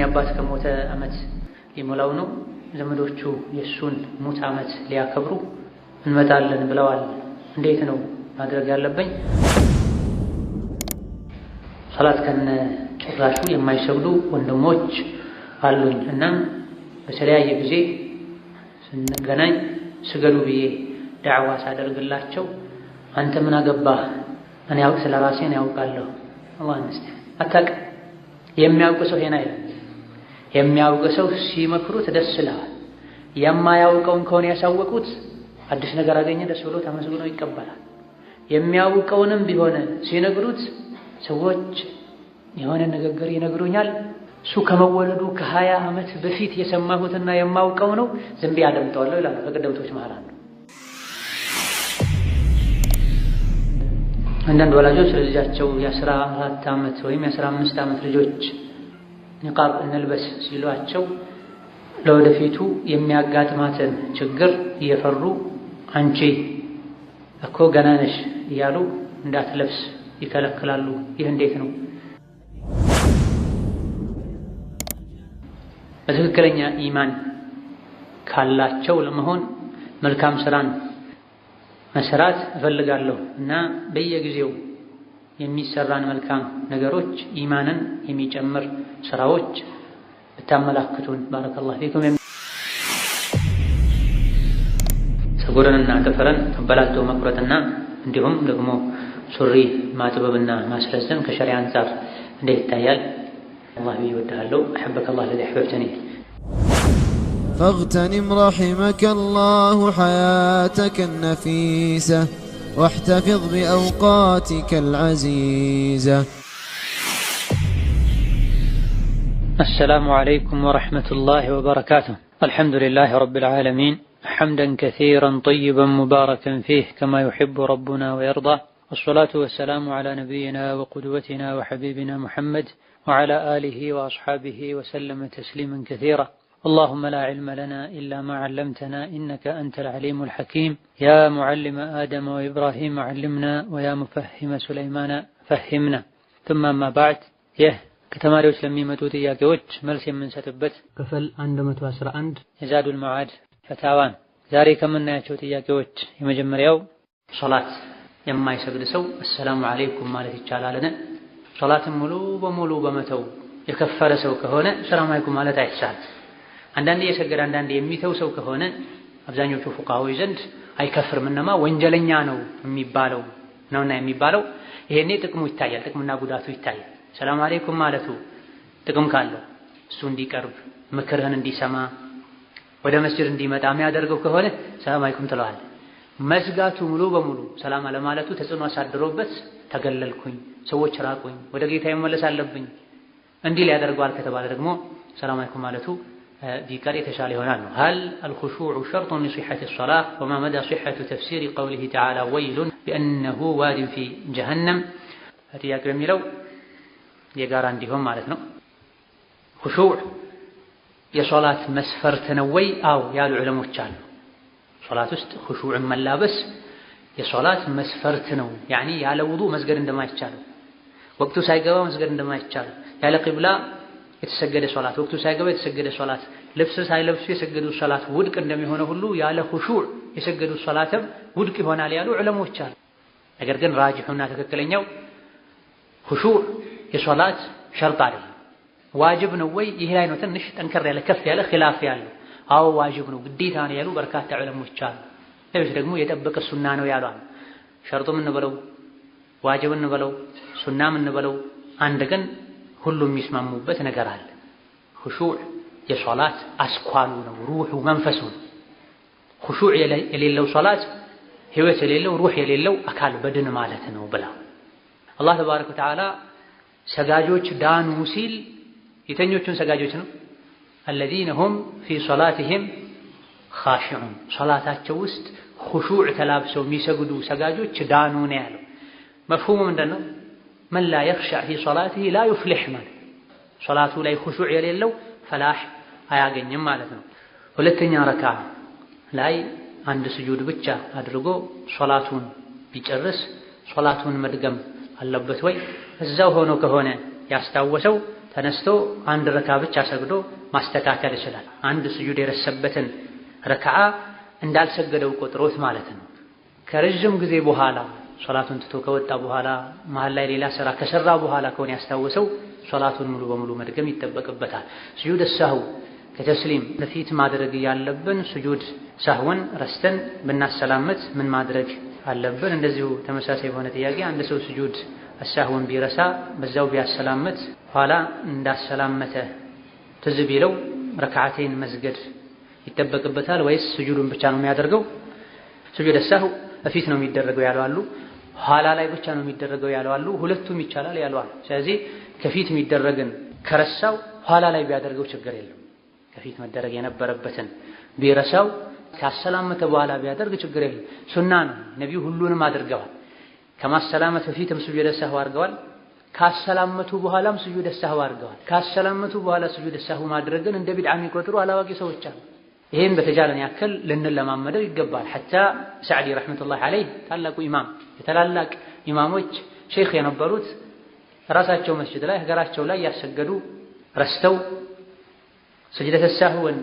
የኔ አባት ከሞተ ዓመት ሊሞላው ነው። ዘመዶቹ የእሱን ሙት ዓመት ሊያከብሩ እንመጣለን ብለዋል። እንዴት ነው ማድረግ ያለብኝ? ሰላት ከነ ጭራሹ የማይሰግዱ ወንድሞች አሉኝ። እናም በተለያየ ጊዜ ስንገናኝ ስገዱ ብዬ ዳዕዋ ሳደርግላቸው አንተ ምን አገባህ? እኔ ስለ ራሴ ያውቃለሁ። አላህ አታውቅም። የሚያውቅ ሰው ሄና አይደለም የሚያውቅ ሰው ሲመክሩት ደስ ይለዋል። የማያውቀውን ከሆነ ያሳወቁት አዲስ ነገር አገኘ ደስ ብሎ ተመስግኖ ይቀበላል። የሚያውቀውንም ቢሆን ሲነግሩት ሰዎች የሆነ ንግግር ይነግሩኛል እሱ ከመወለዱ ከሀያ ዓመት በፊት የሰማሁትና የማውቀው ነው፣ ዝም ብዬ አደምጠዋለሁ ይላሉ ከቀደምቶች መሃል አንዱ። አንዳንድ ወላጆች ለልጃቸው የአስራ አራት ዓመት ወይም የአስራ አምስት ዓመት ልጆች ኒቃብ እንልበስ ሲሏቸው ለወደፊቱ የሚያጋጥማትን ችግር እየፈሩ አንቺ እኮ ገና ነሽ እያሉ እንዳትለብስ ይከለክላሉ። ይህ እንዴት ነው? በትክክለኛ ኢማን ካላቸው ለመሆን መልካም ስራን መስራት እፈልጋለሁ እና በየጊዜው የሚሰራን መልካም ነገሮች ኢማንን የሚጨምር ስራዎች ብታመላክቱን ባረከላሁ ፊኩም። ፀጉርንና ጥፍርን በላልቶ መቁረጥና እንዲሁም ደግሞ ሱሪ ማጥበብና ማስረዘም ከሸሪዓ አንጻር እንዴት ይታያል? አላህ ብዬ እወድሃለሁ። አሕበከ አላህ ለዚ አሕበብተኒ فاغتنم رحمك الله حياتك النفيسة واحتفظ بأوقاتك العزيزة السلام عليكم ورحمة الله وبركاته الحمد لله رب العالمين حمدا كثيرا طيبا مباركا فيه كما يحب ربنا ويرضى والصلاة والسلام على نبينا وقدوتنا وحبيبنا محمد وعلى آله وأصحابه وسلم تسليما كثيرا اللهم لا علم لنا إلا ما علمتنا إنك أنت العليم الحكيم يا معلم آدم وإبراهيم علمنا ويا مفهم سليمان فهمنا ثم ما بعد يه ከተማሪዎች ለሚመጡ ጥያቄዎች መልስ የምንሰጥበት ክፍል 111 የዛዱል መዓድ ፈታዋን። ዛሬ ከምናያቸው ጥያቄዎች የመጀመሪያው ሶላት የማይሰግድ ሰው አሰላሙ አለይኩም ማለት ይቻላልን? ሶላትን ሙሉ በሙሉ በመተው የከፈረ ሰው ከሆነ ሰላም አለይኩም ማለት አይቻልም። አንዳንዴ የሰገደ አንዳንዴ የሚተው ሰው ከሆነ አብዛኞቹ ፉቃዎች ዘንድ አይከፍርም። እነማ ወንጀለኛ ነው የሚባለው ነውና የሚባለው ይሄኔ ጥቅሙ ይታያል፣ ጥቅሙና ጉዳቱ ይታያል። ሰላም አለይኩም ማለቱ ጥቅም ካለው እሱ እንዲቀርብ ምክርህን እንዲሰማ ወደ መስጅድ እንዲመጣ የሚያደርገው ከሆነ ሰላም አለይኩም ትለዋል። መዝጋቱ ሙሉ በሙሉ ሰላም አለማለቱ ተጽዕኖ አሳድሮበት ተገለልኩኝ፣ ሰዎች ራቁኝ፣ ወደ ጌታ መመለስ አለብኝ እንዲል ያደርገዋል ከተባለ ደግሞ ሰላም አለይኩም ማለቱ ቢቀር የተሻለ ይሆናል ነው። هل الخشوع شرط لصحة الصلاة وما مدى صحة تفسير قوله تعالى ويل بأنه واد في جهنم ጥያቄው የሚለው የጋራ እንዲሆን ማለት ነው። ሁሹዕ የሶላት መስፈርት ነው ወይ? አው ያሉ ዑለሞች አሉ። ሶላት ውስጥ ሁሹዕን መላበስ የሶላት መስፈርት ነው። ያኒ ያለ ውዱ መስገድ እንደማይቻል፣ ወቅቱ ሳይገባ መስገድ እንደማይቻለው ያለ ቂብላ የተሰገደ ሶላት፣ ወቅቱ ሳይገባ የተሰገደ ሶላት፣ ልብስ ሳይለብሱ የሰገዱ ሶላት ውድቅ እንደሚሆነ ሁሉ ያለ ሁሹዕ የሰገዱ ሶላትም ውድቅ ይሆናል ያሉ ዑለሞች አሉ። ነገር ግን ራጅሑና ትክክለኛው ሁሹዕ የሶላት ሸርጥ አይደለም። ዋጅብ ነው ወይ? ይሄ ላይ ነው ትንሽ ጠንከር ያለ ከፍ ያለ ኺላፍ ያለው። አዎ ዋጅብ ነው ግዴታ ነው ያሉ በርካታ ዑለሞች አሉ። ሌሎች ደግሞ የጠበቀ ሱና ነው ያሏል። ሸርጡም እንበለው ዋጅብ እንበለው ሱናም እንበለው አንድ ግን ሁሉም የሚስማሙበት ነገር አለ። ሁሹዕ የሶላት አስኳሉ ነው፣ ሩሑ መንፈሱ ነው። ሁሹዕ የሌለው ሶላት ህይወት የሌለው ሩህ የሌለው አካል በድን ማለት ነው ብላ አላህ ተባረከ ወተዓላ ሰጋጆች ዳኑ ሲል የተኞቹን ሰጋጆች ነው። አለዚነ ሁም ፊ ሶላትህም ኻሽዑን ሶላታቸው ውስጥ ኹሹዕ ተላብሰው የሚሰግዱ ሰጋጆች ዳኑ ነው ያለው። መፍሁሙ ምንድን ነው? መን ላ የኽሸዕ ፊ ሶላትህ ላ ዩፍሊሕ ማለት ሶላቱ ላይ ኹሹዕ የሌለው ፈላሕ አያገኝም ማለት ነው። ሁለተኛ ረካ ላይ አንድ ስጁድ ብቻ አድርጎ ሶላቱን ቢጨርስ ሶላቱን መድገም አለበት ወይ? እዛው ሆኖ ከሆነ ያስታወሰው ተነስቶ አንድ ረካ ብቻ ሰግዶ ማስተካከል ይችላል። አንድ ስጁድ የረሰበትን ረካዓ እንዳልሰገደው ቆጥሮት ማለት ነው። ከረዥም ጊዜ በኋላ ሶላቱን ትቶ ከወጣ በኋላ መሀል ላይ ሌላ ስራ ከሰራ በኋላ ከሆነ ያስታወሰው ሶላቱን ሙሉ በሙሉ መድገም ይጠበቅበታል። ስጁድ ሳህው ከተስሊም በፊት ማድረግ ያለብን ስጁድ ሳህውን ረስተን ብናሰላመት ምን ማድረግ አለብን። እንደዚሁ ተመሳሳይ የሆነ ጥያቄ አንድ ሰው ስጁድ አሳሁን ቢረሳ በዛው ቢያሰላመት ኋላ እንዳሰላመተ ትዝ ቢለው ረክዓቴን መስገድ ይጠበቅበታል ወይስ ስጁዱን ብቻ ነው የሚያደርገው? ስጁድ አሳሁ እፊት ነው የሚደረገው ያለው አሉ፣ ኋላ ላይ ብቻ ነው የሚደረገው ያለው አሉ። ሁለቱም ይቻላል ያለው አሉ። ስለዚህ ከፊት የሚደረግን ከረሳው ኋላ ላይ ቢያደርገው ችግር የለም። ከፊት መደረግ የነበረበትን ቢረሳው ካሰላመተ በኋላ ቢያደርግ ችግር የለም። ሱና ነው። ነቢዩ ሁሉንም አድርገዋል። ከማሰላመት በፊትም ስጁደ ሰህው አድርገዋል። ካሰላመቱ በኋላም ስጁደ ሰህው አድርገዋል። ካሰላመቱ በኋላ ስጁደ ሰህው ማድረግን እንደ ቢድዓ የሚቆጥሩ አላዋቂ ሰዎች አሉ። ይህን በተቻለን ያክል ልንለማመደው ይገባል። ሐታ ሳዕዲ ረሕመቱላሂ ዓለይህ ታላቁ ኢማም፣ የታላላቅ ኢማሞች ሼክ የነበሩት ራሳቸው መስጅድ ላይ ሀገራቸው ላይ ያሰገዱ ረስተው ስጅደተ ሰህውን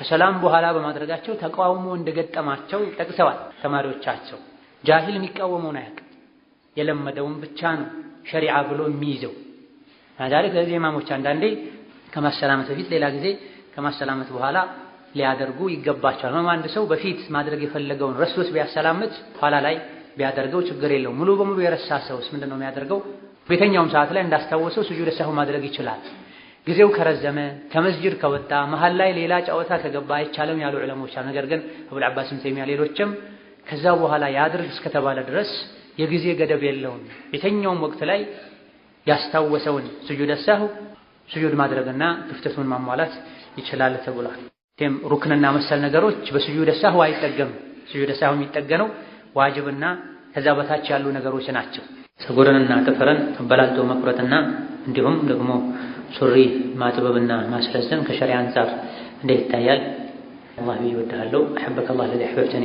ከሰላም በኋላ በማድረጋቸው ተቃውሞ እንደገጠማቸው ጠቅሰዋል። ተማሪዎቻቸው ጃሂል የሚቃወመውን አያውቅም፣ የለመደውን ብቻ ነው ሸሪዓ ብሎ የሚይዘው ዛሬ። ለዚህ ኢማሞች አንዳንዴ ከማሰላመት በፊት ሌላ ጊዜ ከማሰላመት በኋላ ሊያደርጉ ይገባቸዋል። ሆኖም አንድ ሰው በፊት ማድረግ የፈለገውን ረስቶት ቢያሰላምት ኋላ ላይ ቢያደርገው ችግር የለው። ሙሉ በሙሉ የረሳ ሰውስ ምንድነው የሚያደርገው? ቤተኛውም ሰዓት ላይ እንዳስታወሰው ስጁድ ሰሁ ማድረግ ይችላል። ጊዜው ከረዘመ ከመስጅድ ከወጣ መሀል ላይ ሌላ ጨዋታ ከገባ አይቻለም ያሉ ዑለሞች አሉ። ነገር ግን አቡል አባስም ተይሚያ ሌሎችም ከዛ በኋላ ያድርግ እስከተባለ ድረስ የጊዜ ገደብ የለውም። የተኛውም ወቅት ላይ ያስታወሰውን ስጁድ ሰሁ ስጁድ ማድረግና ክፍተቱን ማሟላት ይችላል ተብሏል። ይህም ሩክንና መሰል ነገሮች በስጁድ ሰሁ አይጠገም። ስጁድ ሰሁ የሚጠገነው ዋጅብና ከዛ በታች ያሉ ነገሮች ናቸው። ፀጉርንና ጥፍርን አበላልጦ መቁረጥና እንዲሁም ደግሞ ሱሪ ማጥበብና ማስረዘም ከሸሪዓ አንጻር እንዴት ይታያል? አላህ ብዬ እወድሃለሁ አሕበከ አላህ ለዚ አሕበብተኒ።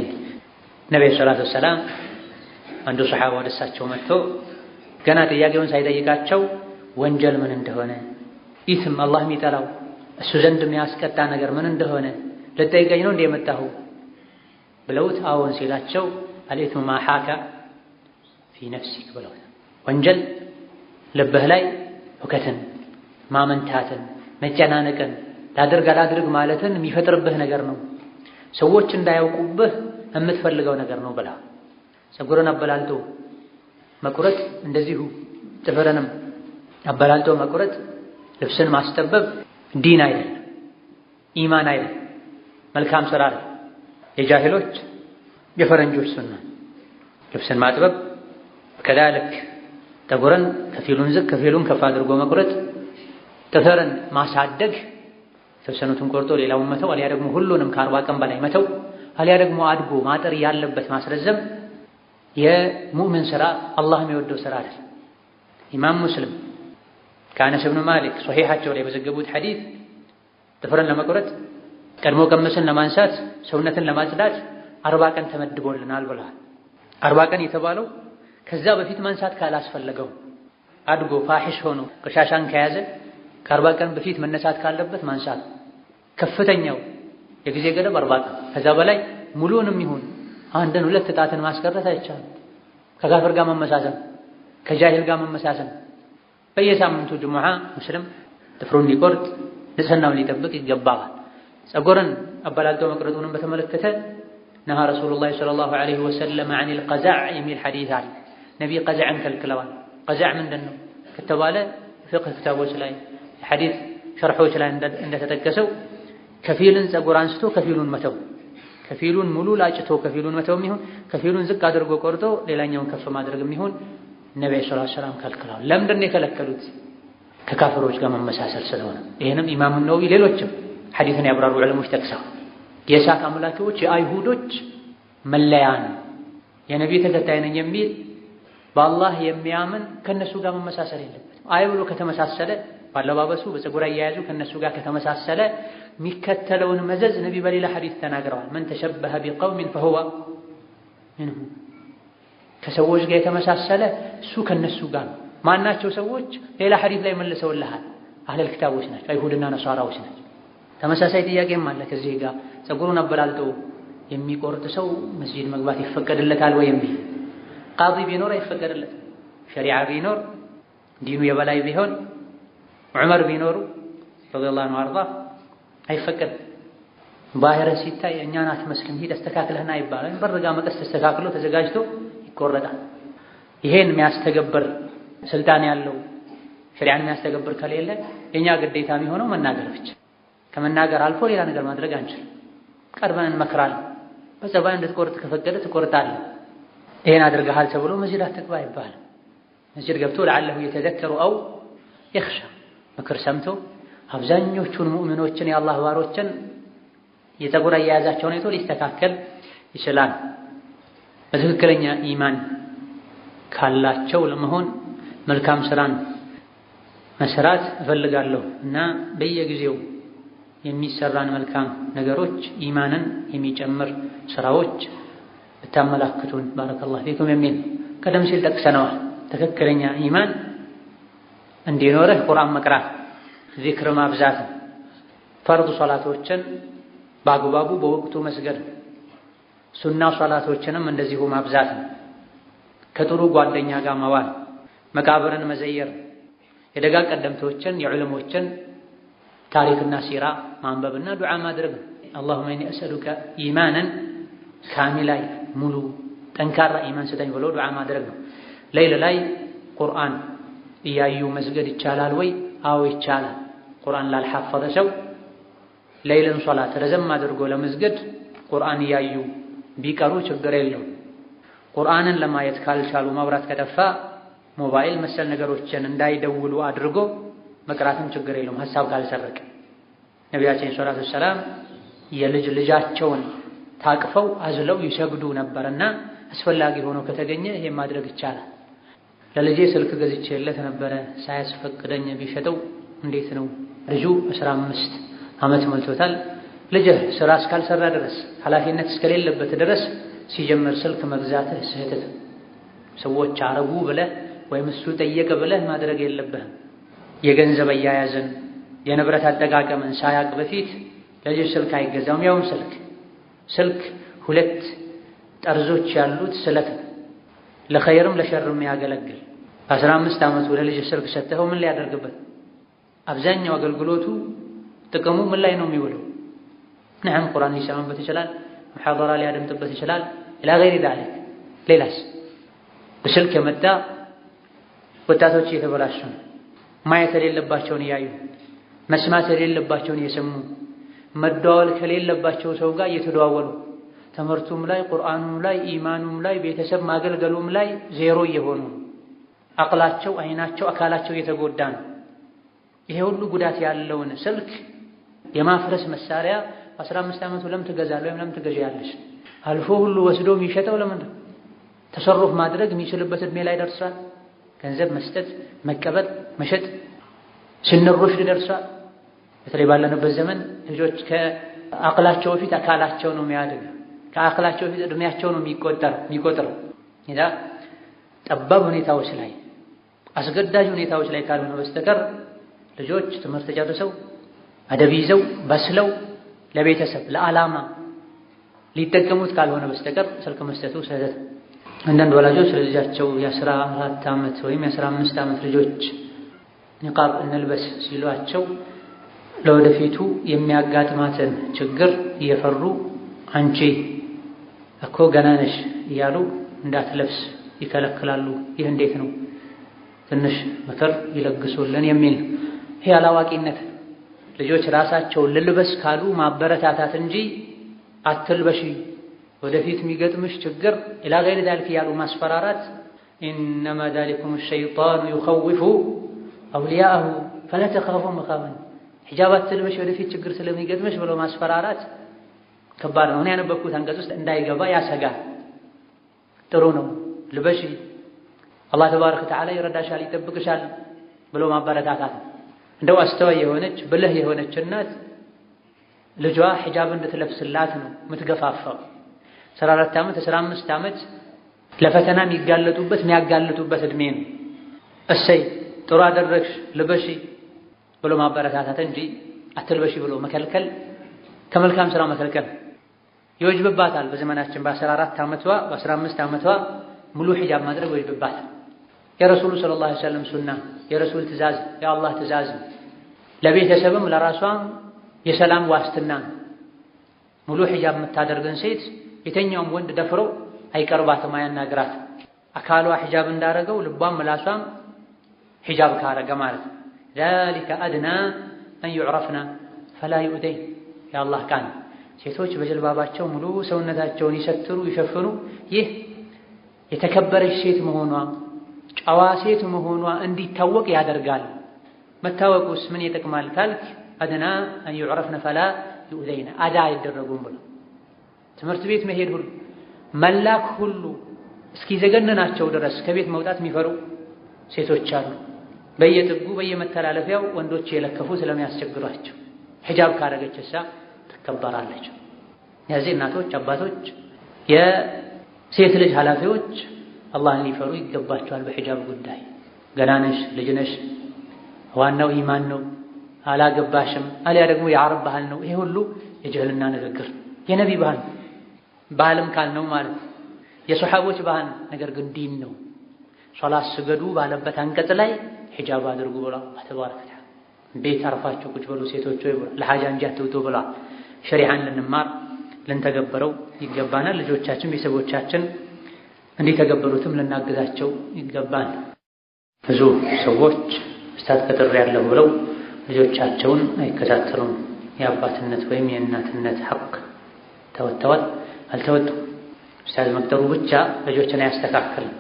ነቢ ሰላቱ ወሰላም አንዱ ሰሓባ ወደ እሳቸው መጥቶ ገና ጥያቄውን ሳይጠይቃቸው ወንጀል ምን እንደሆነ ኢትም አላህ የሚጠላው እሱ ዘንድ የሚያስቀጣ ነገር ምን እንደሆነ ልጠይቀኝ ነው እንዴ የመጣሁ ብለውት አዎን ሲላቸው አልኢትሙ ማ ፊ ነፍሲክ ብለው ወንጀል ልብህ ላይ እውከትን ማመንታትን፣ መጨናነቅን፣ ላድርግ አላድርግ ማለትን የሚፈጥርብህ ነገር ነው። ሰዎች እንዳያውቁብህ የምትፈልገው ነገር ነው ብላ ፀጉርን አበላልጦ መቁረጥ እንደዚሁ ጥፍርንም አበላልጦ መቁረጥ፣ ልብስን ማስጠበብ ዲን አይደለም፣ ኢማን አይደለም፣ መልካም ስራ አለ። የጃሂሎች የፈረንጆች ሱና ልብስን ማጥበብ ከዛልክ ጠጉርን ከፊሉን ዝቅ ከፊሉን ከፍ አድርጎ መቁረጥ ጥፍርን ማሳደግ የተወሰኑትን ቆርጦ ሌላውን መተው አሊያ ደግሞ ሁሉንም ከአርባ ቀን በላይ መተው አሊያ ደግሞ አድጎ ማጠር ያለበት ማስረዘም የሙእምን ስራ አላህም የወደው ስራ አይደል። ኢማም ሙስልም ከአነስ ብኑ ማሊክ ሶሒሓቸው ላይ በዘገቡት ሐዲት ጥፍርን ለመቁረጥ ቀድሞ ቀምስን ለማንሳት ሰውነትን ለማጽዳት አርባ ቀን ተመድቦልናል ብለዋል። አርባ ቀን የተባለው ከዛ በፊት ማንሳት ካላስፈለገው አድጎ ፋሒሽ ሆኖ ቆሻሻን ከያዘ ከአርባ ቀን በፊት መነሳት ካለበት ማንሳት ከፍተኛው የጊዜ ገደብ አርባ ቀን ከዛ በላይ ሙሉንም ይሁን አንድን ሁለት ጣትን ማስቀረት አይቻልም። ከካፍር ጋር መመሳሰል፣ ከጃሂል ጋር መመሳሰል። በየሳምንቱ ጅሙዓ ሙስልም ጥፍሩን ሊቆርጥ ንጽህናውን ሊጠብቅ ይገባዋል። ፀጉርን አበላልጦ መቅረጡንም በተመለከተ ነሃ ረሱሉላህ ሰለላሁ ዐለይሂ ወሰለም ዐኒል ቀዛዕ የሚል ሐዲስ አለ። ነቢይ ቀዛዕን ከልክለዋል። ቀዛዕ ምንድን ነው ከተባለ ፍቅህ ክታቦች ላይ ሐዲስ ሸርሖች ላይ እንደተጠቀሰው ከፊልን ፀጉር አንስቶ ከፊሉን መተው ከፊሉን ሙሉ ላጭቶ ከፊሉን መተው የሚሆን ከፊሉን ዝቅ አድርጎ ቆርጦ ሌላኛውን ከፍ ማድረግ የሚሆን ነቢዩ ሰለላሁ ዐለይሂ ከልክለዋል። ለምንድን ነው የከለከሉት? ከካፍሮች ጋር መመሳሰል ስለሆነ። ይህንም ኢማሙ ነወዊ ሌሎችም ሐዲስን ያብራሩ ዑለሞች ጠቅሰዋል። የእሳት አምላኪዎች የአይሁዶች መለያ ነው። የነቢይ ተከታይ ነኝ የሚል በአላህ የሚያምን ከእነሱ ጋር መመሳሰል የለበትም። አይ ብሎ ከተመሳሰለ ባለባበሱ በፀጉር አያያዙ ከእነሱ ጋር ከተመሳሰለ የሚከተለውን መዘዝ ነቢ በሌላ ሐዲስ ተናግረዋል። መን ተሸበሀ ቢቀውሚን ፈሁወ ምንሁ ከሰዎች ጋር የተመሳሰለ እሱ ከእነሱ ጋር ነው። ማናቸው ሰዎች? ሌላ ሐዲስ ላይ መልሰውልሃል። አህለል ክታቦች ናቸው፣ አይሁድና ነሷራዎች ናቸው። ተመሳሳይ ጥያቄም አለ ከዚህ ጋር ፀጉሩን አበላልጦ የሚቆርጥ ሰው መስጂድ መግባት ይፈቀድለታል ወይ የሚል ቃዲ ቢኖር አይፈቀድለትም። ሸሪዓ ቢኖር ዲኑ የበላይ ቢሆን ዑመር ቢኖሩ ረዲየላሁ ዐንሁ አርዳ አይፈቀድም። ባህርህ ሲታይ እኛን አትመስልም፣ ሂድ አስተካክለህና ይባላል። በርጋ መቀስ ተስተካክሎ ተዘጋጅቶ ይቆረጣል። ይሄን የሚያስተገብር ስልጣን ያለው ሸሪዓን የሚያስተገብር ከሌለ የኛ ግዴታ የሚሆነው መናገር ብቻ። ከመናገር አልፎ ሌላ ነገር ማድረግ አንችልም። ቀርበን እንመክራለን። በጸባይ እንድትቆርጥ ከፈቀደ ትቆርጣለህ። ይሄን አድርገሃል ተብሎ መስጂድ አትግባ ይባላል። መስጂድ ገብቶ ለዓለሁ የተዘከሩ አው የኽሻ ምክር ሰምቶ አብዛኞቹን ሙእሚኖችን የአላህ ባሮችን የፀጉር አያያዛቸውን አይቶ ሊስተካከል ይችላል። በትክክለኛ ኢማን ካላቸው ለመሆን መልካም ስራን መስራት እፈልጋለሁ እና በየጊዜው የሚሰራን መልካም ነገሮች ኢማንን የሚጨምር ስራዎች ብታመላክቱን ባረከላሁ ፊኩም የሚል ቀደም ሲል ጠቅሰነዋል። ትክክለኛ ኢማን እንዲኖርህ ቁርአን መቅራት፣ ዚክር ማብዛት፣ ፈርድ ሶላቶችን በአግባቡ በወቅቱ መስገድ፣ ሱና ሶላቶችንም እንደዚሁ ማብዛት፣ ከጥሩ ጓደኛ ጋር መዋል፣ መቃብርን መዘየር፣ የደጋ ቀደምቶችን የዑለሞችን ታሪክና ሲራ ማንበብና ዱዓ ማድረግ። አላሁመ ኢኒ አስአሉከ ኢማናን ካሚላ ሙሉ ጠንካራ ኢማን ስጠኝ ብሎ ዱዓ ማድረግ ነው። ሌይል ላይ ቁርአን እያዩ መስገድ ይቻላል ወይ? አዎ ይቻላል። ቁርአን ላልሐፈዘ ሰው ለይልን ሶላት ረዘም አድርጎ ለመስገድ ቁርአን እያዩ ቢቀሩ ችግር የለውም። ቁርአንን ለማየት ካልቻሉ መብራት ከጠፋ ሞባይል መሰል ነገሮችን እንዳይደውሉ አድርጎ መቅራትም ችግር የለውም። ሀሳብ ካልሰረቀ ነቢያችን ሰላቱ ሰላም የልጅ ልጃቸውን ታቅፈው አዝለው ይሰግዱ ነበርና አስፈላጊ ሆኖ ከተገኘ ይሄን ማድረግ ይቻላል። ለልጄ ስልክ ገዝቼለት ነበረ ሳያስፈቅደኝ ቢሸጠው እንዴት ነው? ልጁ አስራ አምስት ዓመት ሞልቶታል። ልጅህ ስራ እስካልሰራ ድረስ ኃላፊነት እስከሌለበት ድረስ ሲጀምር ስልክ መግዛትህ ስህተት፣ ሰዎች አረጉ ብለህ ወይም እሱ ጠየቀ ብለህ ማድረግ የለብህም። የገንዘብ አያያዝን የንብረት አጠቃቀምን ሳያውቅ በፊት ለልጅ ስልክ አይገዛም። ያውም ስልክ ስልክ ሁለት ጠርዞች ያሉት ስለት ነው። ለኸይርም ለሸርም ያገለግል። በአስራ አምስት ዓመቱ ለልጅ ስልክ ሰጥተኸው ምን ላይ ያደርግበት? አብዛኛው አገልግሎቱ ጥቅሙ ምን ላይ ነው የሚውለው? ንዕም ቁርአን ሊሰማበት ይችላል፣ መሐደራ ሊያደምጥበት ይችላል። ኢላ ገይሪ ዛሊክ ሌላስ? በስልክ የመጣ ወጣቶች እየተበላሹ ነው። ማየት የሌለባቸውን እያዩ መስማት የሌለባቸውን እየሰሙ መደዋወል ከሌለባቸው ሰው ጋር እየተደዋወሉ ትምህርቱም ላይ ቁርአኑም ላይ ኢማኑም ላይ ቤተሰብ ማገልገሉም ላይ ዜሮ እየሆኑ አቅላቸው፣ አይናቸው፣ አካላቸው እየተጎዳ ነው። ይሄ ሁሉ ጉዳት ያለውን ስልክ የማፍረስ መሳሪያ በአስራ አምስት ዓመቱ ለምን ትገዛለህ ወይም ለምን ትገዣያለሽ? አልፎ ሁሉ ወስዶ የሚሸጠው ለምንድን ነው? ተሰሩፍ ማድረግ የሚችልበት እድሜ ላይ ደርሷል። ገንዘብ መስጠት፣ መቀበል፣ መሸጥ ስንሮሽድ ደርሷል። በተለይ ባለንበት ዘመን ልጆች ከአቅላቸው በፊት አካላቸው ነው የሚያድግ ከአክላቸው ፊት እድሜያቸው ነው የሚቆጠረው። ይዛ ጠባብ ሁኔታዎች ላይ አስገዳጅ ሁኔታዎች ላይ ካልሆነ በስተቀር ልጆች ትምህርት ጨርሰው አደብ ይዘው በስለው ለቤተሰብ ለዓላማ ሊጠቀሙት ካልሆነ በስተቀር ስልክ መስጠቱ ስህተት። አንዳንድ ወላጆች ለልጃቸው የአስራ አራት ዓመት ወይም የአስራ አምስት ዓመት ልጆች ኒቃብ እንልበስ ሲሏቸው ለወደፊቱ የሚያጋጥማትን ችግር እየፈሩ አንቺ እኮ ገና ነሽ እያሉ እንዳትለብስ ይከለክላሉ። ይህ እንዴት ነው? ትንሽ ምክር ይለግሱልን የሚል ነው። ይህ አላዋቂነት ልጆች ራሳቸውን ልልበስ ካሉ ማበረታታት እንጂ አትልበሺ፣ ወደፊት የሚገጥምሽ ችግር ኢላ ገይር ዛልክ እያሉ ማስፈራራት ኢነማ ዛሊኩም ሸይጣኑ ዩኸውፉ አውልያአሁ ፈላ ተኻፉ መኻፈን ሒጃብ አትልበሽ፣ ወደፊት ችግር ስለሚገጥምሽ ብሎ ማስፈራራት ከባድ ነው። እኔ ያነበብኩት አንቀጽ ውስጥ እንዳይገባ ያሰጋል። ጥሩ ነው ልበሺ፣ አላህ ተባረከ ወተዓላ ይረዳሻል፣ ይጠብቅሻል ብሎ ማበረታታት እንደው አስተዋይ የሆነች ብልህ የሆነች እናት ልጇ ሒጃብ እንድትለብስላት ነው የምትገፋፋው። አስራ አራት ዓመት አስራ አምስት ዓመት ለፈተና የሚጋለጡበት የሚያጋልጡበት እድሜ ነው። እሰይ ጥሩ አደረግሽ ልበሺ ብሎ ማበረታታት እንጂ አትልበሺ ብሎ መከልከል ከመልካም ስራ መከልከል ይወጅብባታል። በዘመናችን በ14 ዓመቷ በ15 ዓመቷ ሙሉ ሒጃብ ማድረግ ይወጅብባታል። የረሱሉ ሰለላሁ ዐለይሂ ወሰለም ሱና፣ የረሱል ትእዛዝ፣ የአላህ ትእዛዝ ለቤተሰብም ለራሷም የሰላም ዋስትና ሙሉ ሒጃብ የምታደርግን ሴት የተኛውም ወንድ ደፍሮ አይቀርባትም፣ አያናግራት አካሏ ሒጃብ እንዳረገው ልቧም ምላሷም ሒጃብ ካረገ ማለት ዛሊከ አድና አን ዩዕረፍና ፈላ ዩዕደይን የአላህ ቃል ሴቶች በጀልባባቸው ሙሉ ሰውነታቸውን ይሰትሩ ይሸፍኑ። ይህ የተከበረች ሴት መሆኗ ጨዋ ሴት መሆኗ እንዲታወቅ ያደርጋል። መታወቁስ ምን ይጠቅማል ካልክ አድና አን ዩዕረፍነ ፈላ ዩዕዘይነ አዳ አይደረጉም ብሎ ትምህርት ቤት መሄድ ሁሉ መላክ ሁሉ እስኪዘገነናቸው ድረስ ከቤት መውጣት የሚፈሩ ሴቶች አሉ። በየጥጉ በየመተላለፊያው ወንዶች የለከፉ ስለሚያስቸግሯቸው ሒጃብ ካረገች እሳ ትከበራለች። እነዚህ እናቶች፣ አባቶች፣ የሴት ልጅ ኃላፊዎች አላህን ሊፈሩ ይገባቸዋል። በሒጃብ ጉዳይ ገና ነሽ፣ ልጅ ነሽ፣ ዋናው ኢማን ነው፣ አላገባሽም፣ አሊያ ደግሞ የዓረብ ባህል ነው። ይሄ ሁሉ የጅህልና ንግግር የነቢ ባህል ባህልም ካል ነው ማለት የሰሓቦች ባህል ነገር ግን ዲን ነው። ሶላት ስገዱ ባለበት አንቀጽ ላይ ሒጃብ አድርጉ ብሏል። ተባረከ ቤት አርፋቸው ቁጭ በሉ ሴቶች፣ ለሓጃ እንጂ አትውጡ ብሏል። ሸሪዓን ልንማር ልንተገበረው ይገባናል። ልጆቻችን፣ ቤተሰቦቻችን እንዲተገበሩትም ልናግዛቸው ይገባል። ብዙ ሰዎች እስታት ያለሁ ብለው ልጆቻቸውን አይከታተሉም። የአባትነት ወይም የእናትነት ሐቅ ተወጥተዋል አልተወጡም። እስታት መቅጠሩ ብቻ ልጆችን አያስተካክልም።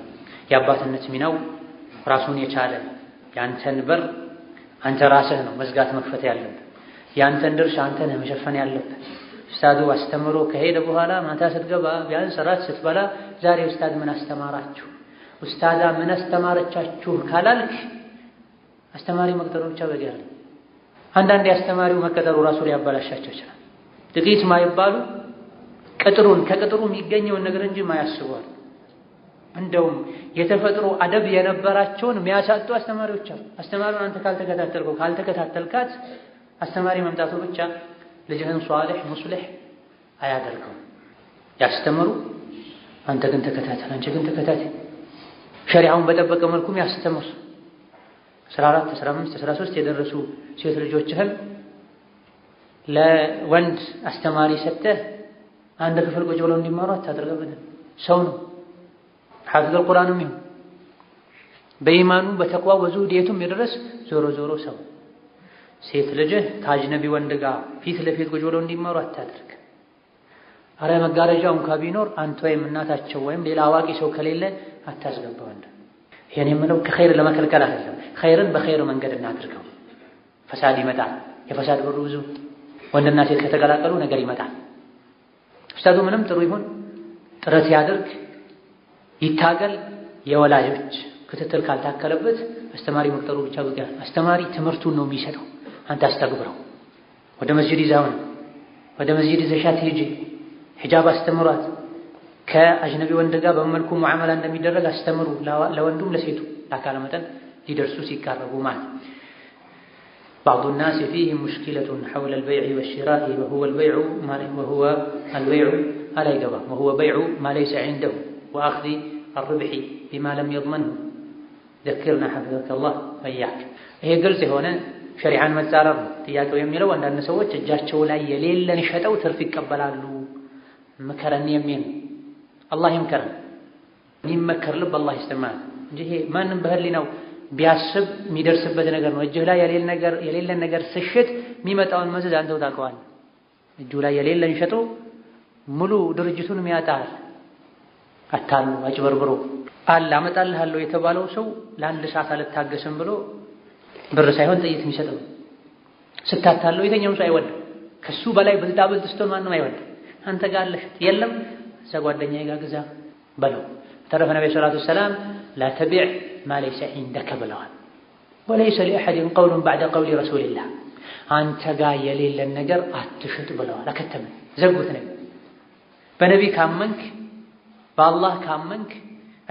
የአባትነት ሚናው ራሱን የቻለ የአንተን በር አንተ ራስህ ነው መዝጋት መክፈት ያለብህ የአንተን ድርሻ አንተ ነህ መሸፈን ያለብህ። ኡስታዱ አስተምሮ ከሄደ በኋላ ማታ ስትገባ ቢያንስ እራት ስትበላ ዛሬ ኡስታድ ምን አስተማራችሁ፣ ኡስታዳ ምን አስተማረቻችሁ ካላልክ አስተማሪ መቅጠሩ ብቻ በቂ አይደለም። አንዳንዴ አስተማሪው መቀጠሩ ራሱ ሊያበላሻቸው ይችላል። ጥቂት ማይባሉ ቅጥሩን ከቅጥሩ የሚገኘውን ነገር እንጂ ማያስቧል። እንደውም የተፈጥሮ አደብ የነበራቸውን የሚያሳጡ አስተማሪዎች አሉ። አስተማሪውን አንተ ካልተከታተልከው ካልተከታተልካት አስተማሪ መምጣቱ ብቻ ልጅህን ሷልሕ ሙስልሕ አያደርገው። ያስተምሩ፣ አንተ ግን ተከታተል፣ አንቺ ግን ተከታተል። ሸሪዓውን በጠበቀ መልኩም ያስተምር። 14፣ 15፣ 13 የደረሱ ሴት ልጆችህን ለወንድ አስተማሪ ሰጥተህ አንድ ክፍል ቁጭ ብለው እንዲማሩ አታደርገብን። ሰው ነው ሐፊዝ ቁርአንም ይሁን በኢማኑ በተቅዋው በዙህዴቱም የደረስ ዞሮ ዞሮ ሰው ሴት ልጅህ ከአጅነቢ ወንድ ጋር ፊት ለፊት ቁጭ ብለው እንዲመሩ አታድርግ። አረ መጋረጃው እንኳ ቢኖር አንተ ወይም እናታቸው ወይም ሌላ አዋቂ ሰው ከሌለ አታስገባ። ወንድ ይሄን የምለው ከኸይር ለመከልከል አይደለም። ኸይርን በኸይር መንገድ እናድርገው። ፈሳድ ይመጣል። የፈሳድ በሩ ብዙ። ወንድና ሴት ከተቀላቀሉ ነገር ይመጣል። ኡስታዱ ምንም ጥሩ ይሁን ጥረት ያድርግ ይታገል። የወላጆች ክትትል ካልታከለበት አስተማሪ መቅጠሩ ብቻ ብጋ አስተማሪ ትምህርቱን ነው የሚሰጠው አንተ አስተግብረው። ወደ መስጂድ ይዛውን ወደ መስጂድ ይዘሻት ሂጂ፣ ሂጃብ አስተምሯት። ከአጅነቢ ወንድ ጋር በመልኩ ሙዓመላ እንደሚደረግ አስተምሩ፣ ለወንዱም ለሴቱ ለአካለ መጠን ሊደርሱ ሲቃረቡ ማለት بعض الناس فيه مشكلة حول البيع والشراء وهو البيع ما وهو البيع على يقبا وهو بيع ما ليس عنده وأخذ الربح بما لم يضمنه ذكرنا حفظك الله وإياك هي قلت هنا ሸሪዓን መጻረር ጥያቄው የሚለው አንዳንድ ሰዎች እጃቸው ላይ የሌለን ሸጠው ትርፍ ይቀበላሉ። ምከረን የሚል አላህ ይምከረን። የሚመከር ልብ አላህ ይስጥማል እንጂ ይሄ ማንም በህሊናው ቢያስብ የሚደርስበት ነገር ነው። እጅህ ላይ የሌለን ነገር ስሽት የሚመጣውን መዘዝ አንተው ታውቀዋል። እጁ ላይ የሌለን ሸጦ ሙሉ ድርጅቱን የሚያጣል አታሉ አጭበርብሮ አለ አመጣልሃለሁ የተባለው ሰው ለአንድ ሰዓት አልታገስም ብሎ ብር ሳይሆን ጥይት የሚሰጠው ስታታለው የተኛውም ሰው አይወድም። ከሱ በላይ ብልጣ ብልጥ ስትሆን ማንም አይወድም። አንተ ጋር አለሽ የለም እዛ ጓደኛዬ ጋር ግዛ በለው። በተረፈ ነቢ ሰላቱ ሰላም ላተቢዕ ማ ለይሰ ዒንደከ ብለዋል። ወለይሰ ሊአሐድን ቀውሉን ባዕደ ቀውሊ ረሱልላህ አንተ ጋር የሌለን ነገር አትሽጥ ብለዋል። አከተምን ዘጉት ነው። በነቢ ካመንክ በአላህ ካመንክ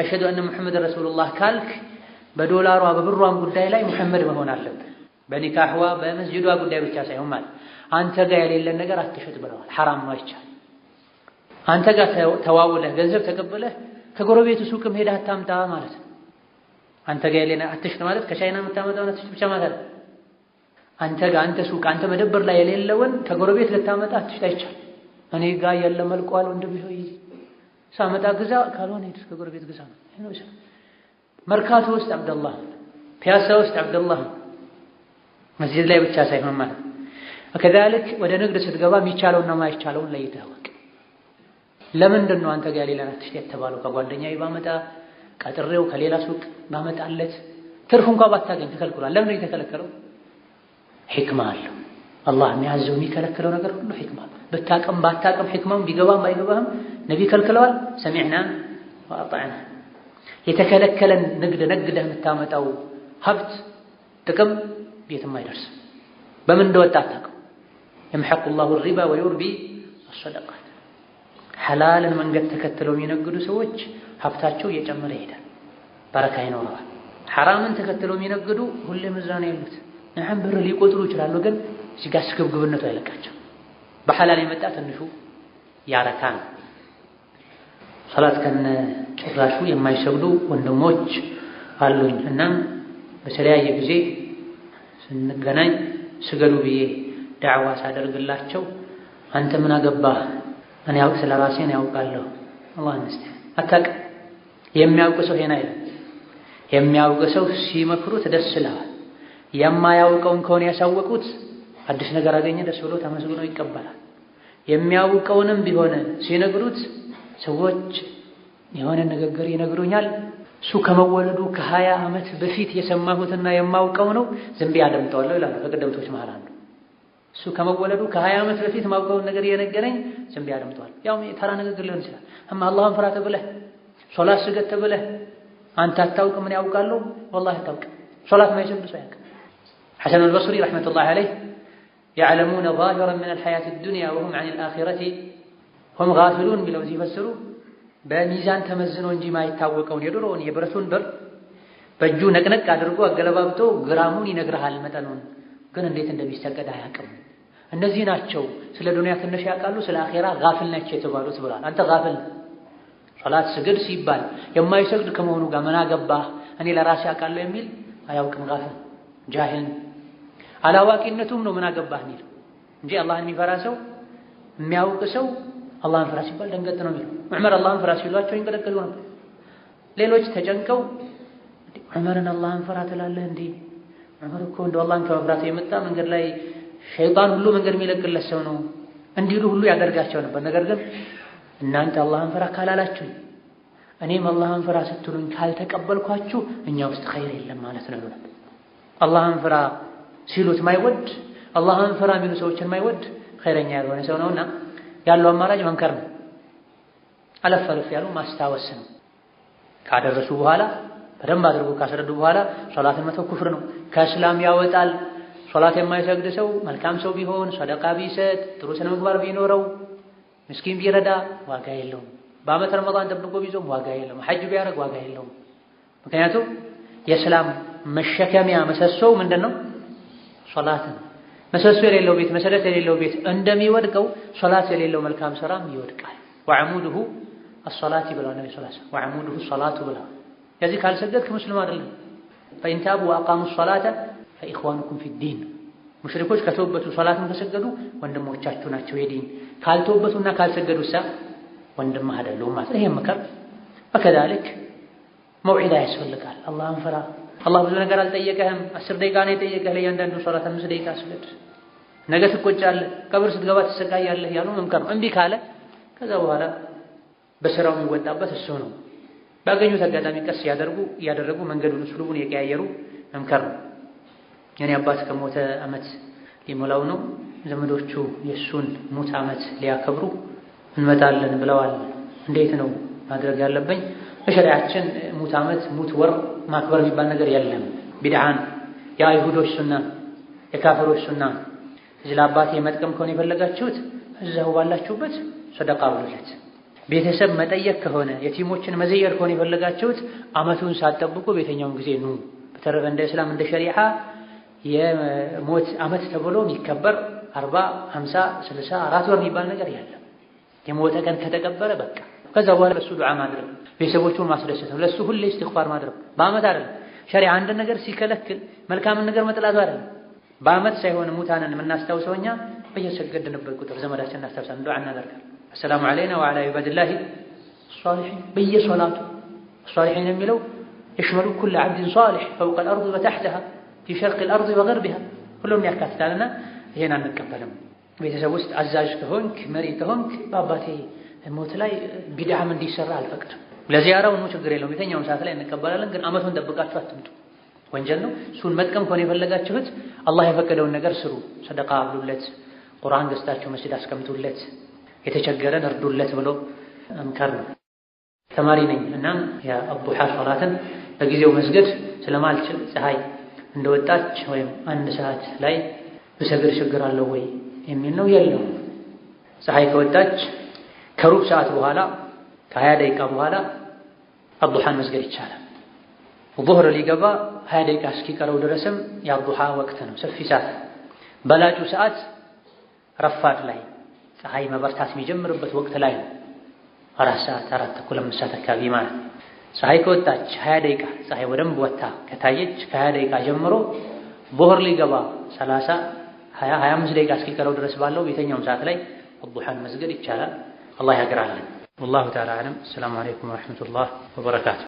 አሽሀዱ አነ ሙሐመድ ረሱሉላህ ካልክ በዶላሯ በብሯም ጉዳይ ላይ ሙሐመድ መሆን አለብህ። በኒካህዋ በመስጅዷ ጉዳይ ብቻ ሳይሆን ማለት አንተ ጋር የሌለን ነገር አትሸጥ ብለዋል። ሐራም ነው አይቻልም። አንተ ጋር ተዋውለህ ገንዘብ ተቀብለህ ከጎረቤቱ ሱቅም ሄደህ አታምጣ ማለት ነው። አንተ ጋር የሌለን አትሸጥ ማለት ከቻይና የምታመጣውን አትሸጥ ብቻ ማለት ነው። አንተ ጋር አንተ ሱቅ አንተ መደብር ላይ የሌለውን ከጎረቤት ልታመጣ አትሸጥ አይቻልም። እኔ ጋር ያለ መልቋል ወንድም ይሄ ሳመጣ ግዛ፣ ካልሆነ ሄድስ ከጎረቤት ግዛ ነው መርካቶ ውስጥ አብደላህ፣ ፒያሳ ውስጥ አብደላህ፣ መስጂድ ላይ ብቻ ሳይሆን ማለት ከዛልክ ወደ ንግድ ስትገባ የሚቻለውና ማይቻለውን ለይተህ እወቅ። ለምንድን ነው አንተ ጋር ሌላ ናት የተባለው? ከጓደኛዬ ባመጣ ቀጥሬው ከሌላ ሱቅ ባመጣለት ትርፍ እንኳ ባታገኝ ተከልክሏል። ለምን ነው የተከለከለው? ሕክማ አለው። አላህ የሚያዘው የሚከለክለው ነገር ሁሉ ሕክማ ብታቅም ባታቅም፣ ሕክማም ቢገባም ባይገባህም ነቢ ከልክለዋል። ሰሚዕና ወአጣዕና የተከለከለን ንግድ ነግደህ የምታመጣው ሀብት ጥቅም ቤትም አይደርስም። በምን እንደወጣ አታውቅም። የምሐቁ ላሁ ሪባ ወዩርቢ አሰደቃት። ሐላልን መንገድ ተከትለው የሚነግዱ ሰዎች ሀብታቸው እየጨመረ ይሄዳል፣ በረካ ይኖረዋል። ሐራምን ተከትለው የሚነግዱ ሁሌም እዛ ያሉት። ንሐን ብር ሊቆጥሩ ይችላሉ፣ ግን እዚህ ጋር ስግብግብነቱ አይለቃቸው። በሐላል የመጣ ትንሹ ያረካ ነው። ሰላት ከነ ጭራሹ የማይሰግዱ ወንድሞች አሉኝ። እናም በተለያየ ጊዜ ስንገናኝ ስገዱ ብዬ ዳዕዋ ሳደርግላቸው አንተ ምን አገባህ? እኔ ያውቅ ስለ ራሴ ነው ያውቃለሁ። አላህ እንስተ አታቅ የሚያውቅ ሰው ሄና አይደለም። የሚያውቅ ሰው ሲመክሩት ደስ ይለዋል። የማያውቀውን ከሆነ ያሳወቁት አዲስ ነገር አገኘ ደስ ብሎ ተመስግኖ ይቀበላል። የሚያውቀውንም ቢሆን ሲነግሩት ሰዎች የሆነ ንግግር ይነግሩኛል። እሱ ከመወለዱ ከሀያ ዓመት በፊት የሰማሁትና የማውቀው ነው። ዝም ብዬ አደምጠዋለሁ ይላሉ ከቀደምቶች መሃል አንዱ። እሱ ከመወለዱ ከሀያ ዓመት በፊት ማውቀውን ነገር እየነገረኝ ዝም ብዬ አደምጠዋለሁ። ያው ተራ ንግግር ሊሆን ይችላል። እማ አላህን ፍራ ተብለህ ሶላት ስገድ ተብለህ አንተ አታውቅ ምን ያውቃለሁ? ወላሂ አታውቅም? ሶላት ማይሰግድ ሰው ያውቅ። ሐሰን አልበስሪ ረሕመቱላሂ ዓለይህ የዕለሙነ ዛሂረን ሚነል ሐያቲ ዱንያ ወሁም ዐኒል አኺረቲ ሁም ጋፊሉን ቢለው ሲፈስሩ በሚዛን ተመዝኖ እንጂ ማይታወቀውን የድሮውን የብረቱን ብር በእጁ ነቅነቅ አድርጎ አገለባብቶ ግራሙን ይነግርሃል መጠኑን፣ ግን እንዴት እንደሚሰገድ አያውቅም። እነዚህ ናቸው ስለ ዱንያ ትንሽ ያውቃሉ፣ ስለ አኼራ ጋፍል ናቸው የተባሉት ብሏል። አንተ ጋፍል ሶላት ስግድ ሲባል የማይሰግድ ከመሆኑ ጋር ምን አገባህ? እኔ ለራሴ ያውቃለሁ የሚል አያውቅም። ጋፍል ጃሂል፣ አላዋቂነቱም ነው ምን አገባህ የሚል እንጂ አላህን የሚፈራ ሰው የሚያውቅ ሰው አላህን ፍራ ሲባል ደንገጥ ነው የሚለው። ዑመር አላህን ፍራ ሲሏቸው ይንገለገሉ ነበር። ሌሎች ተጨንቀው ዑመርን አላህን ፍራ ትላለህ እንዴ? ዑመር እኮ እንደው አላህን ከመፍራት የመጣ መንገድ ላይ ሸይጣን ሁሉ መንገድ የሚለቅለት ሰው ነው እንዲሉ ሁሉ ያደርጋቸው ነበር። ነገር ግን እናንተ አላህን ፍራ ካላላችሁኝ፣ እኔም አላህን ፍራ ስትሉኝ ካልተቀበልኳችሁ እኛ ውስጥ ኸይር የለም ማለት ነው ይሉናል። አላህን ፍራ ሲሉት ማይወድ አላህን ፍራ የሚሉ ሰዎችን ማይወድ ኸይረኛ ያልሆነ ሰው ነውና ያለው አማራጭ መንከር ነው። አለፍ አለፍ ያሉ ማስታወስ ነው። ካደረሱ በኋላ በደንብ አድርጎ ካስረዱ በኋላ ሶላትን መተው ኩፍር ነው፣ ከእስላም ያወጣል። ሶላት የማይሰግድ ሰው መልካም ሰው ቢሆን፣ ሰደቃ ቢሰጥ፣ ጥሩ ስነ ምግባር ቢኖረው፣ ምስኪን ቢረዳ ዋጋ የለውም። በዓመት ረመዳን ጠብቆ ቢጾም ዋጋ የለውም። ሐጅ ቢያደርግ ዋጋ የለውም። ምክንያቱም የእስላም መሸከሚያ መሰሶው ምንድን ነው? ሶላት ነው። ምሰሶ የሌለው ቤት መሰረት የሌለው ቤት እንደሚወድቀው ሶላት የሌለው መልካም ስራም ይወድቃል። ወዐሙዱሁ አሶላት ብለዋል ነቢ ላ ወዐሙዱሁ ሶላቱ ብለዋል። የዚህ ካልሰገድክ ሙስሊም አይደለም። ፈኢንታቡ ወአቃሙ ሶላተ ፈኢኽዋኑኩም ፊዲን ሙሽሪኮች ከተወበቱ ሶላትን ከሰገዱ ወንድሞቻችሁ ናቸው የዲን ካልተወበቱና ካልሰገዱ ሳ ወንድምህ አይደሉም ማለት ይሄ ምክር በከዛልክ መውዒዳ ያስፈልጋል አላህን ፍራ አላህ ብዙ ነገር አልጠየቀህም። አስር ደቂቃ ነው የጠየቀህ። ለእያንዳንዱ ሶላት አምስት ደቂቃ ስገድ፣ ነገ ትቆጫለህ፣ ቀብር ስትገባ ትሰቃያለህ ያሉ መምከር ነው። እምቢ ካለ ከዛ በኋላ በስራው የሚወጣበት እሱ ነው። ባገኙት አጋጣሚ ቀስ እያደረጉ እያደረጉ መንገዱን ስሉቡን የቀያየሩ መምከር ነው። የኔ አባት ከሞተ አመት ሊሞላው ነው። ዘመዶቹ የእሱን ሙት አመት ሊያከብሩ እንመጣለን ብለዋል። እንዴት ነው ማድረግ ያለብኝ? በሸሪያችን ሙት ዓመት ሙት ወር ማክበር የሚባል ነገር የለም። ቢድዓን የአይሁዶች ሱና የካፈሮች ሱና እዚህ ለአባቴ መጥቀም ከሆነ የፈለጋችሁት እዛው ባላችሁበት ሰደቃ ብሉለት። ቤተሰብ መጠየቅ ከሆነ የቲሞችን መዘየር ከሆነ የፈለጋችሁት ዓመቱን ሳትጠብቁ በየትኛውም ጊዜ ኑ። በተረፈ እንደ እስላም እንደ ሸሪዓ የሞት ዓመት ተብሎ የሚከበር አርባ፣ ሀምሳ፣ ስልሳ አራት ወር የሚባል ነገር የለም። የሞተ ቀን ከተቀበረ በቃ ከዛ በኋላ ለሱ ዱዓ ማድረግ፣ ቤተሰቦቹን ማስደሰት ነው። ለሱ ሁሌ ኢስቲግፋር ማድረግ በአመት አይደለም። ሸሪዓ አንድ ነገር ሲከለክል መልካምን ነገር መጥላቱ አይደለም። በአመት ሳይሆን ሙታንን የምናስታውሰው እኛ በየሰገድንበት ቁጥር ዘመዳችን እናስታውሳለን፣ ዱዓ እናደርጋለን። አሰላሙ ዐለይና ወዐላ ዒባዲላሂ ሷሊሒን በየሶላቱ ሷሊሒን የሚለው የሽመሉ ኩለ ዓብድን ሷሊሕ ፈውቀ አልአርድ ወተሕተሃ ፊ ሸርቅ አልአርድ ወገርቢሃ ሁሉም ያካትታልና ይሄን አንቀበልም። ቤተሰብ ውስጥ አዛዥ ከሆንክ መሪ ከሆንክ በአባቴ ሞት ላይ ቢድዓም እንዲሰራ አልፈቅድም። ለዚያራው ነው ችግር የለውም። የተኛውን ሰዓት ላይ እንቀበላለን። ግን አመቱን ጠብቃችሁ አትምጡ፣ ወንጀል ነው። እሱን መጥቀም ከሆነ የፈለጋችሁት አላህ የፈቀደውን ነገር ስሩ። ሰደቃ አብሉለት፣ ቁርአን ገዝታችሁ መስጂድ አስቀምጡለት፣ የተቸገረን እርዱለት ብሎ መምከር ነው። ተማሪ ነኝ እናም የአቡሓ ሶላትን በጊዜው መስገድ ስለማልችል ፀሐይ እንደወጣች ወይም አንድ ሰዓት ላይ ብሰግድ ችግር አለው ወይ የሚል ነው። የለው ፀሐይ ከወጣች ከሩብ ሰዓት በኋላ ከሀያ ደቂቃ በኋላ አዱሓን መስገድ ይቻላል። ዙህር ሊገባ ሀያ ደቂቃ እስኪቀረው ድረስም የአዱሓ ወቅት ነው፣ ሰፊ ሰዓት። በላጩ ሰዓት ረፋድ ላይ ፀሐይ መበርታት የሚጀምርበት ወቅት ላይ ነው። አራት ሰዓት አራት ተኩል አምስት ሰዓት አካባቢ ማለት ፀሐይ ከወጣች ሀያ ደቂቃ ፀሐይ ወደንብ ወታ ከታየች ከሀያ ደቂቃ ጀምሮ ዙህር ሊገባ ሰላሳ ሀያ ሀያ አምስት ደቂቃ እስኪቀረው ድረስ ባለው ቤተኛውም ሰዓት ላይ አዱሓን መስገድ ይቻላል። አላህ ያግራልን። ወላሁ ተዓላ አለም። አሰላሙ አለይኩም ወረሕመቱላህ ወበረካቱ።